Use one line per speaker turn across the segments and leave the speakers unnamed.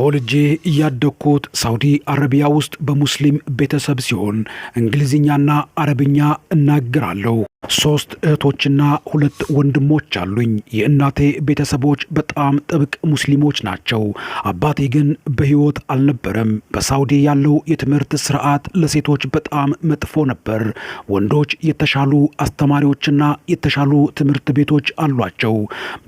ተወልጄ እያደግኩት ሳውዲ አረቢያ ውስጥ በሙስሊም ቤተሰብ ሲሆን እንግሊዝኛና አረብኛ እናገራለሁ። ሶስት እህቶችና ሁለት ወንድሞች አሉኝ። የእናቴ ቤተሰቦች በጣም ጥብቅ ሙስሊሞች ናቸው። አባቴ ግን በሕይወት አልነበረም። በሳውዲ ያለው የትምህርት ስርዓት ለሴቶች በጣም መጥፎ ነበር። ወንዶች የተሻሉ አስተማሪዎችና የተሻሉ ትምህርት ቤቶች አሏቸው።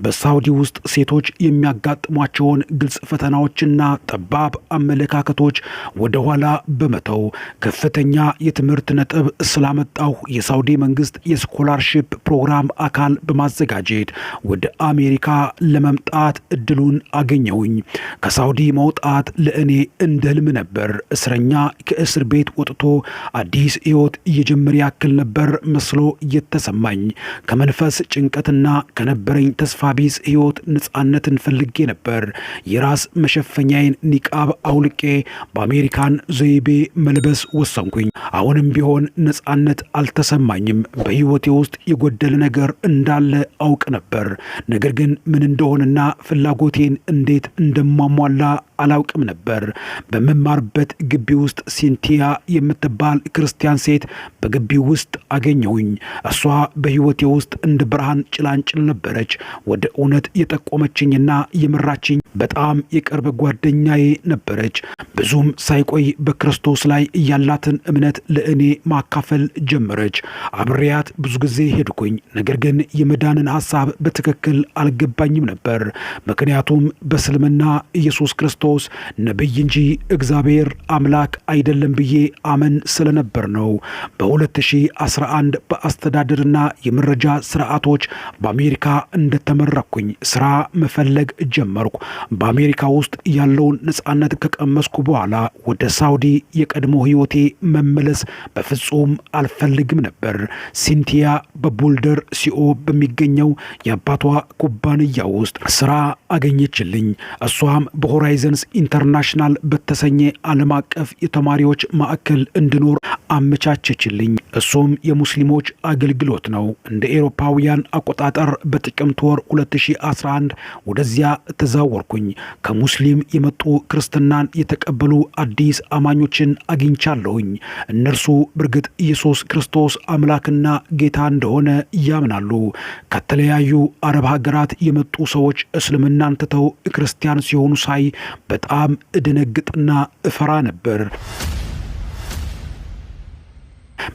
በሳውዲ ውስጥ ሴቶች የሚያጋጥሟቸውን ግልጽ ፈተናዎችና እና ጠባብ አመለካከቶች ወደ ኋላ በመተው ከፍተኛ የትምህርት ነጥብ ስላመጣሁ የሳውዲ መንግስት የስኮላርሺፕ ፕሮግራም አካል በማዘጋጀት ወደ አሜሪካ ለመምጣት እድሉን አገኘሁኝ። ከሳውዲ መውጣት ለእኔ እንደ ህልም ነበር። እስረኛ ከእስር ቤት ወጥቶ አዲስ ህይወት እየጀመረ ያክል ነበር መስሎ የተሰማኝ። ከመንፈስ ጭንቀትና ከነበረኝ ተስፋ ቢስ ህይወት ነጻነትን ፈልጌ ነበር። የራስ መሸፈ መሸፈኛዬን ኒቃብ አውልቄ በአሜሪካን ዘይቤ መልበስ ወሰንኩኝ። አሁንም ቢሆን ነፃነት አልተሰማኝም። በሕይወቴ ውስጥ የጎደለ ነገር እንዳለ አውቅ ነበር። ነገር ግን ምን እንደሆነና ፍላጎቴን እንዴት እንደማሟላ አላውቅም ነበር። በምማርበት ግቢ ውስጥ ሲንቲያ የምትባል ክርስቲያን ሴት በግቢ ውስጥ አገኘውኝ። እሷ በሕይወቴ ውስጥ እንደ ብርሃን ጭላንጭል ነበረች። ወደ እውነት የጠቆመችኝና የመራችኝ በጣም የቅርብ ጓደኛዬ ነበረች። ብዙም ሳይቆይ በክርስቶስ ላይ ያላትን እምነት ለእኔ ማካፈል ጀመረች። አብሬያት ብዙ ጊዜ ሄድኩኝ። ነገር ግን የመዳንን ሐሳብ በትክክል አልገባኝም ነበር። ምክንያቱም በእስልምና ኢየሱስ ክርስቶስ ክርስቶስ ነቢይ እንጂ እግዚአብሔር አምላክ አይደለም ብዬ አመን ስለነበር ነው። በ2011 በአስተዳደርና የመረጃ ስርዓቶች በአሜሪካ እንደተመረኩኝ ስራ መፈለግ ጀመርኩ። በአሜሪካ ውስጥ ያለውን ነፃነት ከቀመስኩ በኋላ ወደ ሳውዲ የቀድሞ ሕይወቴ መመለስ በፍጹም አልፈልግም ነበር። ሲንቲያ በቦልደር ሲኦ በሚገኘው የአባቷ ኩባንያ ውስጥ ስራ አገኘችልኝ። እሷም በሆራይዘን ሪላይንስ ኢንተርናሽናል በተሰኘ ዓለም አቀፍ የተማሪዎች ማዕከል እንድኖር አመቻቸችልኝ። እሱም የሙስሊሞች አገልግሎት ነው። እንደ ኤሮፓውያን አቆጣጠር በጥቅምት ወር 2011 ወደዚያ ተዛወርኩኝ። ከሙስሊም የመጡ ክርስትናን የተቀበሉ አዲስ አማኞችን አግኝቻለሁኝ። እነርሱ በእርግጥ ኢየሱስ ክርስቶስ አምላክና ጌታ እንደሆነ ያምናሉ። ከተለያዩ አረብ ሀገራት የመጡ ሰዎች እስልምናን ትተው ክርስቲያን ሲሆኑ ሳይ በጣም እደነግጥና እፈራ ነበር።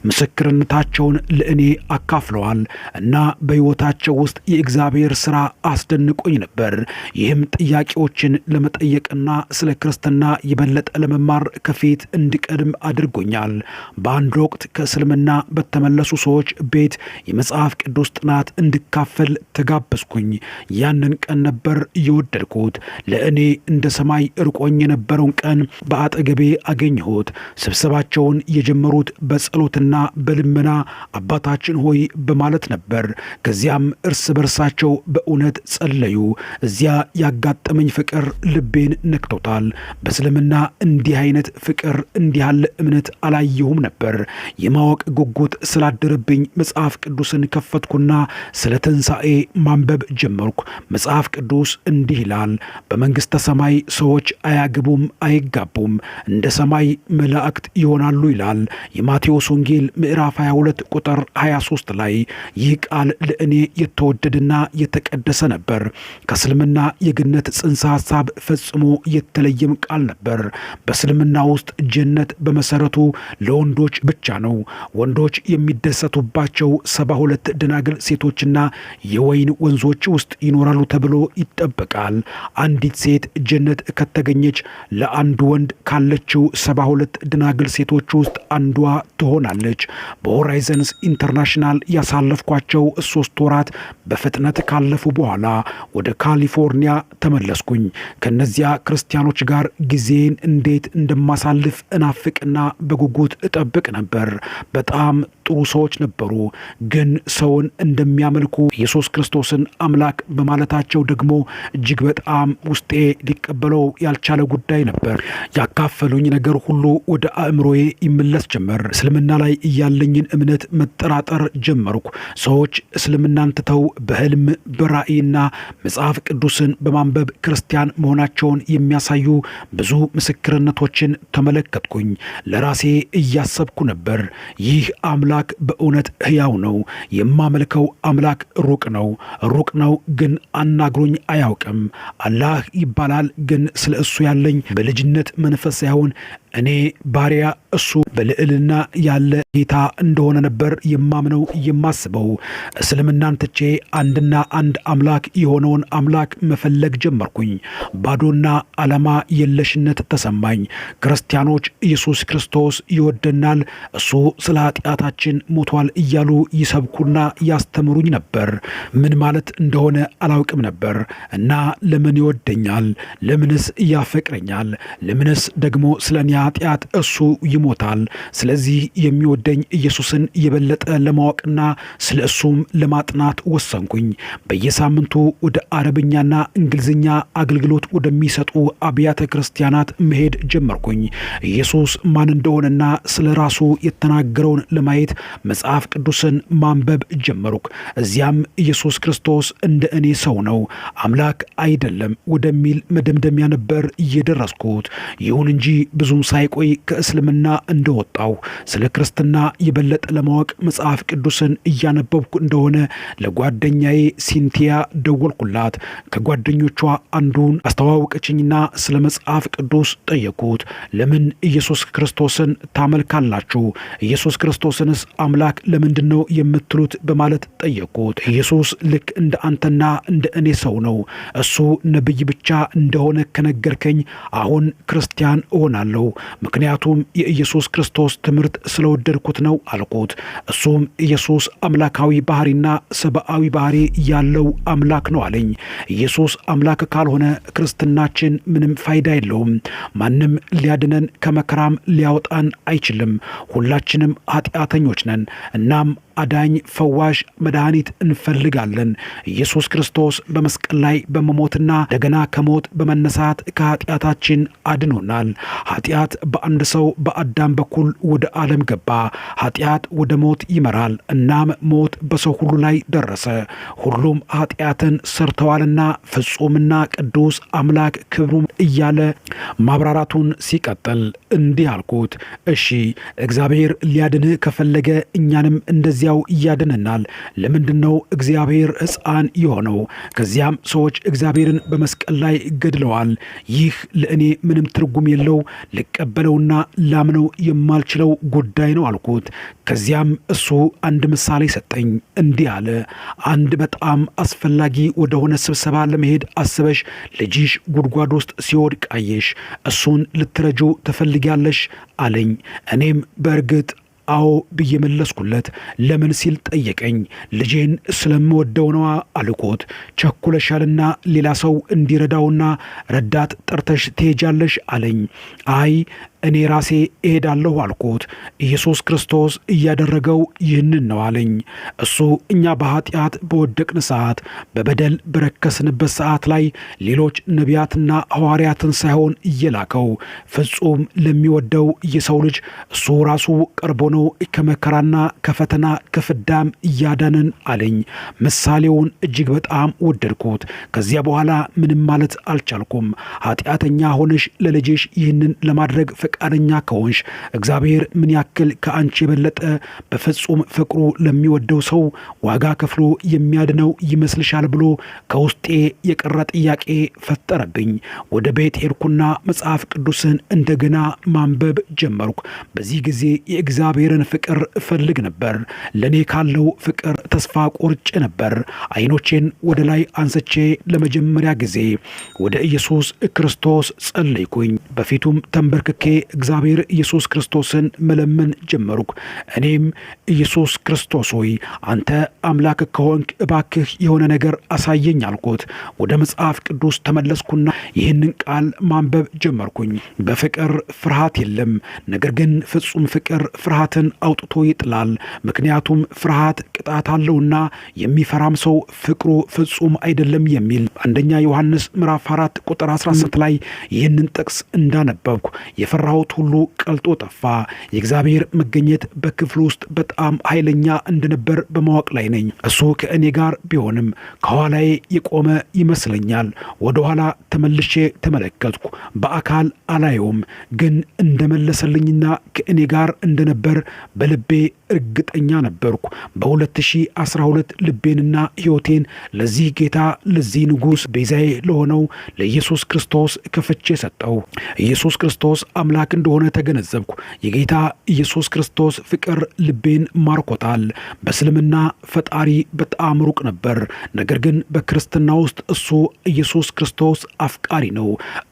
ምስክርነታቸውን ለእኔ አካፍለዋል እና በሕይወታቸው ውስጥ የእግዚአብሔር ሥራ አስደንቆኝ ነበር። ይህም ጥያቄዎችን ለመጠየቅና ስለ ክርስትና የበለጠ ለመማር ከፊት እንዲቀድም አድርጎኛል። በአንድ ወቅት ከእስልምና በተመለሱ ሰዎች ቤት የመጽሐፍ ቅዱስ ጥናት እንድካፈል ተጋበዝኩኝ። ያንን ቀን ነበር እየወደድኩት ለእኔ እንደ ሰማይ እርቆኝ የነበረውን ቀን በአጠገቤ አገኘሁት። ስብሰባቸውን የጀመሩት በጸሎት በጩኸትና በልመና አባታችን ሆይ በማለት ነበር። ከዚያም እርስ በርሳቸው በእውነት ጸለዩ። እዚያ ያጋጠመኝ ፍቅር ልቤን ነክቶታል። በእስልምና እንዲህ አይነት ፍቅር እንዲህ ያለ እምነት አላየሁም ነበር። የማወቅ ጉጉት ስላደረብኝ መጽሐፍ ቅዱስን ከፈትኩና ስለ ትንሣኤ ማንበብ ጀመርኩ። መጽሐፍ ቅዱስ እንዲህ ይላል፣ በመንግሥተ ሰማይ ሰዎች አያግቡም፣ አይጋቡም፣ እንደ ሰማይ መላእክት ይሆናሉ ይላል የማቴዎስ ወንጌል ምዕራፍ 22 ቁጥር 23 ላይ ይህ ቃል ለእኔ የተወደደና የተቀደሰ ነበር፣ ከእስልምና የገነት ጽንሰ ሐሳብ ፈጽሞ የተለየም ቃል ነበር። በእስልምና ውስጥ ጀነት በመሰረቱ ለወንዶች ብቻ ነው። ወንዶች የሚደሰቱባቸው ሰባ ሁለት ደናግል ሴቶችና የወይን ወንዞች ውስጥ ይኖራሉ ተብሎ ይጠበቃል። አንዲት ሴት ጀነት ከተገኘች ለአንድ ወንድ ካለችው ሰባ ሁለት ደናግል ሴቶች ውስጥ አንዷ ትሆናል። ሆናለች። በሆራይዘንስ ኢንተርናሽናል ያሳለፍኳቸው ሶስት ወራት በፍጥነት ካለፉ በኋላ ወደ ካሊፎርኒያ ተመለስኩኝ። ከነዚያ ክርስቲያኖች ጋር ጊዜን እንዴት እንደማሳልፍ እናፍቅና በጉጉት እጠብቅ ነበር። በጣም ጥሩ ሰዎች ነበሩ፣ ግን ሰውን እንደሚያመልኩ ኢየሱስ ክርስቶስን አምላክ በማለታቸው ደግሞ እጅግ በጣም ውስጤ ሊቀበለው ያልቻለ ጉዳይ ነበር። ያካፈሉኝ ነገር ሁሉ ወደ አእምሮዬ ይመለስ ጀመር። እስልምና ላይ ያለኝን እምነት መጠራጠር ጀመርኩ። ሰዎች እስልምናን ትተው በህልም በራእይና መጽሐፍ ቅዱስን በማንበብ ክርስቲያን መሆናቸውን የሚያሳዩ ብዙ ምስክርነቶችን ተመለከትኩኝ። ለራሴ እያሰብኩ ነበር፣ ይህ አምላክ በእውነት ሕያው ነው፣ የማመልከው አምላክ ሩቅ ነው፣ ሩቅ ነው ግን አናግሮኝ አያውቅም። አላህ ይባላል ግን ስለ እሱ ያለኝ በልጅነት መንፈስ ሳይሆን እኔ ባሪያ እሱ በልዕልና ያለ ጌታ እንደሆነ ነበር የማምነው የማስበው። እስልምናን ትቼ አንድና አንድ አምላክ የሆነውን አምላክ መፈለግ ጀመርኩኝ። ባዶና ዓላማ የለሽነት ተሰማኝ። ክርስቲያኖች ኢየሱስ ክርስቶስ ይወደናል፣ እሱ ስለ ኃጢአታችን ሞቷል እያሉ ይሰብኩና ያስተምሩኝ ነበር። ምን ማለት እንደሆነ አላውቅም ነበር እና ለምን ይወደኛል? ለምንስ ያፈቅረኛል? ለምንስ ደግሞ ስለ እኔ ኃጢአት እሱ ይሞታል? ስለዚህ የሚወደ የሚወደኝ ኢየሱስን የበለጠ ለማወቅና ስለ እሱም ለማጥናት ወሰንኩኝ። በየሳምንቱ ወደ አረብኛና እንግሊዝኛ አገልግሎት ወደሚሰጡ አብያተ ክርስቲያናት መሄድ ጀመርኩኝ። ኢየሱስ ማን እንደሆነና ስለ ራሱ የተናገረውን ለማየት መጽሐፍ ቅዱስን ማንበብ ጀመርኩ። እዚያም ኢየሱስ ክርስቶስ እንደ እኔ ሰው ነው፣ አምላክ አይደለም ወደሚል መደምደሚያ ነበር የደረስኩት። ይሁን እንጂ ብዙም ሳይቆይ ከእስልምና እንደወጣው ስለ ክርስትና እና የበለጠ ለማወቅ መጽሐፍ ቅዱስን እያነበብኩ እንደሆነ ለጓደኛዬ ሲንቲያ ደወልኩላት። ከጓደኞቿ አንዱን አስተዋወቀችኝና ስለ መጽሐፍ ቅዱስ ጠየቁት። ለምን ኢየሱስ ክርስቶስን ታመልካላችሁ? ኢየሱስ ክርስቶስንስ አምላክ ለምንድን ነው የምትሉት? በማለት ጠየቁት። ኢየሱስ ልክ እንደ አንተና እንደ እኔ ሰው ነው። እሱ ነቢይ ብቻ እንደሆነ ከነገርከኝ አሁን ክርስቲያን እሆናለሁ። ምክንያቱም የኢየሱስ ክርስቶስ ትምህርት ስለወደድ የተለማመድኩት ነው አልኩት። እሱም ኢየሱስ አምላካዊ ባህሪና ሰብአዊ ባህሪ ያለው አምላክ ነው አለኝ። ኢየሱስ አምላክ ካልሆነ ክርስትናችን ምንም ፋይዳ የለውም። ማንም ሊያድነን ከመከራም ሊያወጣን አይችልም። ሁላችንም ኃጢአተኞች ነን። እናም አዳኝ ፈዋሽ መድኃኒት እንፈልጋለን። ኢየሱስ ክርስቶስ በመስቀል ላይ በመሞትና እንደገና ከሞት በመነሳት ከኃጢአታችን አድኖናል። ኃጢአት በአንድ ሰው በአዳም በኩል ወደ ዓለም ገባ። ኃጢአት ወደ ሞት ይመራል። እናም ሞት በሰው ሁሉ ላይ ደረሰ። ሁሉም ኃጢአትን ሰርተዋልና ፍጹምና ቅዱስ አምላክ ክብሩ እያለ ማብራራቱን ሲቀጥል እንዲህ አልኩት፣ እሺ እግዚአብሔር ሊያድንህ ከፈለገ እኛንም እንደዚያ በዚያው እያደነናል። ለምንድን ነው እግዚአብሔር ሕፃን የሆነው? ከዚያም ሰዎች እግዚአብሔርን በመስቀል ላይ ገድለዋል። ይህ ለእኔ ምንም ትርጉም የለው ልቀበለውና ላምነው የማልችለው ጉዳይ ነው አልኩት። ከዚያም እሱ አንድ ምሳሌ ሰጠኝ። እንዲህ አለ። አንድ በጣም አስፈላጊ ወደሆነ ስብሰባ ለመሄድ አስበሽ ልጅሽ ጉድጓድ ውስጥ ሲወድቅ አየሽ። እሱን ልትረጁ ትፈልጊያለሽ አለኝ። እኔም በእርግጥ አዎ ብዬ መለስኩለት። ለምን ሲል ጠየቀኝ። ልጄን ስለምወደው ነዋ አልኩት። ቸኩለሻልና ሌላ ሰው እንዲረዳውና ረዳት ጠርተሽ ትሄጃለሽ አለኝ። አይ እኔ ራሴ እሄዳለሁ አልኩት። ኢየሱስ ክርስቶስ እያደረገው ይህንን ነው አለኝ። እሱ እኛ በኃጢአት በወደቅን ሰዓት፣ በበደል በረከስንበት ሰዓት ላይ ሌሎች ነቢያትና ሐዋርያትን ሳይሆን እየላከው ፍጹም ለሚወደው የሰው ልጅ እሱ ራሱ ቀርቦ ነው ከመከራና ከፈተና ከፍዳም እያዳንን አለኝ። ምሳሌውን እጅግ በጣም ወደድኩት። ከዚያ በኋላ ምንም ማለት አልቻልኩም። ኃጢአተኛ ሆነሽ ለልጅሽ ይህንን ለማድረግ ፈቃደኛ ከሆንሽ እግዚአብሔር ምን ያክል ከአንቺ የበለጠ በፍጹም ፍቅሩ ለሚወደው ሰው ዋጋ ከፍሎ የሚያድነው ይመስልሻል ብሎ ከውስጤ የቀረ ጥያቄ ፈጠረብኝ። ወደ ቤት ሄድኩና መጽሐፍ ቅዱስን እንደገና ማንበብ ጀመርኩ። በዚህ ጊዜ የእግዚአብሔርን ፍቅር እፈልግ ነበር። ለእኔ ካለው ፍቅር ተስፋ ቆርጬ ነበር። አይኖቼን ወደ ላይ አንስቼ ለመጀመሪያ ጊዜ ወደ ኢየሱስ ክርስቶስ ጸለይኩኝ። በፊቱም ተንበርክኬ እግዚአብሔር ኢየሱስ ክርስቶስን መለመን ጀመርኩ። እኔም ኢየሱስ ክርስቶስ ሆይ አንተ አምላክ ከሆንክ እባክህ የሆነ ነገር አሳየኝ አልኩት። ወደ መጽሐፍ ቅዱስ ተመለስኩና ይህንን ቃል ማንበብ ጀመርኩኝ። በፍቅር ፍርሃት የለም፣ ነገር ግን ፍጹም ፍቅር ፍርሃትን አውጥቶ ይጥላል። ምክንያቱም ፍርሃት ቅጣት አለውና የሚፈራም ሰው ፍቅሩ ፍጹም አይደለም የሚል አንደኛ ዮሐንስ ምዕራፍ 4 ቁጥር 18 ላይ ይህንን ጥቅስ እንዳነበብኩ የፈራ የሰራሁት ሁሉ ቀልጦ ጠፋ። የእግዚአብሔር መገኘት በክፍል ውስጥ በጣም ኃይለኛ እንደነበር በማወቅ ላይ ነኝ። እሱ ከእኔ ጋር ቢሆንም ከኋላዬ የቆመ ይመስለኛል። ወደ ኋላ ተመልሼ ተመለከትኩ። በአካል አላየውም፣ ግን እንደመለሰልኝና ከእኔ ጋር እንደነበር በልቤ እርግጠኛ ነበርኩ። በ2012 ልቤንና ሕይወቴን ለዚህ ጌታ ለዚህ ንጉሥ ቤዛዬ ለሆነው ለኢየሱስ ክርስቶስ ከፍቼ ሰጠው። ኢየሱስ ክርስቶስ አምላ አምላክ እንደሆነ ተገነዘብኩ። የጌታ ኢየሱስ ክርስቶስ ፍቅር ልቤን ማርኮታል። በእስልምና ፈጣሪ በጣም ሩቅ ነበር። ነገር ግን በክርስትና ውስጥ እሱ ኢየሱስ ክርስቶስ አፍቃሪ ነው።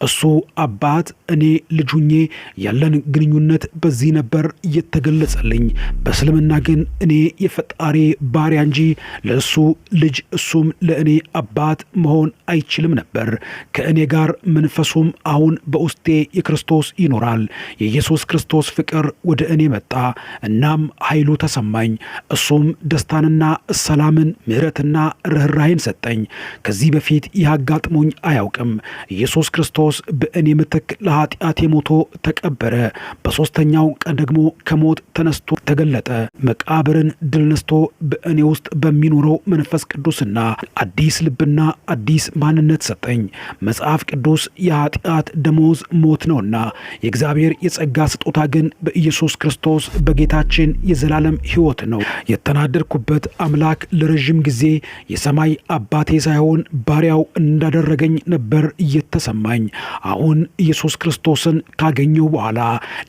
እሱ አባት፣ እኔ ልጁኜ ያለን ግንኙነት በዚህ ነበር እየተገለጸልኝ። በእስልምና ግን እኔ የፈጣሪ ባሪያ እንጂ ለእሱ ልጅ እሱም ለእኔ አባት መሆን አይችልም ነበር። ከእኔ ጋር መንፈሱም አሁን በውስጤ የክርስቶስ ይኖራል። ይላል። የኢየሱስ ክርስቶስ ፍቅር ወደ እኔ መጣ፣ እናም ኃይሉ ተሰማኝ። እሱም ደስታንና ሰላምን፣ ምሕረትና ርኅራኄን ሰጠኝ። ከዚህ በፊት ይህ አጋጥሞኝ አያውቅም። ኢየሱስ ክርስቶስ በእኔ ምትክ ለኃጢአቴ ሞቶ ተቀበረ። በሦስተኛው ቀን ደግሞ ከሞት ተነስቶ ተገለጠ። መቃብርን ድል ነስቶ በእኔ ውስጥ በሚኖረው መንፈስ ቅዱስና አዲስ ልብና አዲስ ማንነት ሰጠኝ። መጽሐፍ ቅዱስ የኃጢአት ደሞዝ ሞት ነውና የእግዚአብሔር የጸጋ ስጦታ ግን በኢየሱስ ክርስቶስ በጌታችን የዘላለም ሕይወት ነው። የተናደድኩበት አምላክ ለረዥም ጊዜ የሰማይ አባቴ ሳይሆን ባሪያው እንዳደረገኝ ነበር እየተሰማኝ። አሁን ኢየሱስ ክርስቶስን ካገኘው በኋላ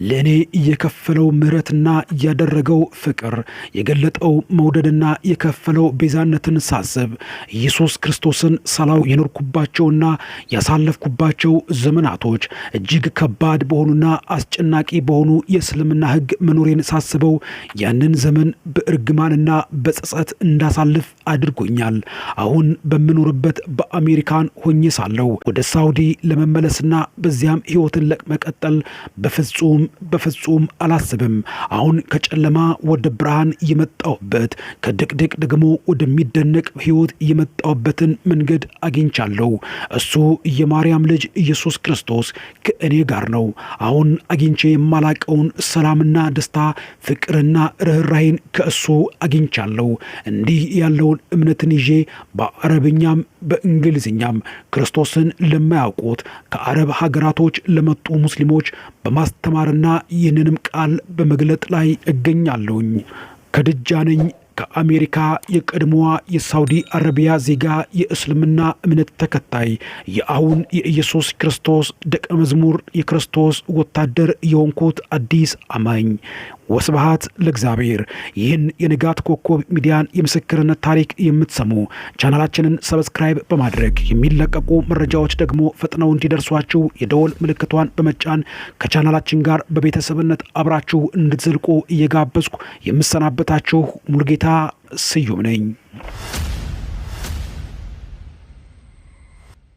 ለእኔ የከፈለው ምሕረትና ያደረገው ፍቅር የገለጠው መውደድና የከፈለው ቤዛነትን ሳስብ ኢየሱስ ክርስቶስን ሳላው የኖርኩባቸውና ያሳለፍኩባቸው ዘመናቶች እጅግ ከባድ በሆኑና ጥልቅና አስጨናቂ በሆኑ የእስልምና ህግ መኖሬን ሳስበው ያንን ዘመን በእርግማንና በጸጸት እንዳሳልፍ አድርጎኛል። አሁን በምኖርበት በአሜሪካን ሆኜ ሳለው ወደ ሳውዲ ለመመለስና በዚያም ህይወትን ለመቀጠል በፍጹም በፍጹም አላስብም። አሁን ከጨለማ ወደ ብርሃን የመጣውበት ከድቅድቅ ደግሞ ወደሚደነቅ ህይወት የመጣውበትን መንገድ አግኝቻለሁ። እሱ የማርያም ልጅ ኢየሱስ ክርስቶስ ከእኔ ጋር ነው። እስካሁን አግኝቼ የማላቀውን ሰላምና ደስታ ፍቅርና ርኅራሄን ከእሱ አግኝቻለሁ። እንዲህ ያለውን እምነትን ይዤ በአረብኛም በእንግሊዝኛም ክርስቶስን ለማያውቁት ከአረብ ሀገራቶች ለመጡ ሙስሊሞች በማስተማርና ይህንንም ቃል በመግለጥ ላይ እገኛለሁኝ። ከድጃ ነኝ ከአሜሪካ የቀድሞዋ የሳውዲ አረቢያ ዜጋ የእስልምና እምነት ተከታይ የአሁን የኢየሱስ ክርስቶስ ደቀ መዝሙር የክርስቶስ ወታደር የሆንኩት አዲስ አማኝ ወስብሃት ለእግዚአብሔር። ይህን የንጋት ኮከብ ሚዲያን የምስክርነት ታሪክ የምትሰሙ ቻናላችንን ሰብስክራይብ በማድረግ የሚለቀቁ መረጃዎች ደግሞ ፈጥነው እንዲደርሷችሁ የደወል ምልክቷን በመጫን ከቻናላችን ጋር በቤተሰብነት አብራችሁ እንድትዘልቁ እየጋበዝኩ የምሰናበታችሁ ሙሉጌታ ስዩም ነኝ።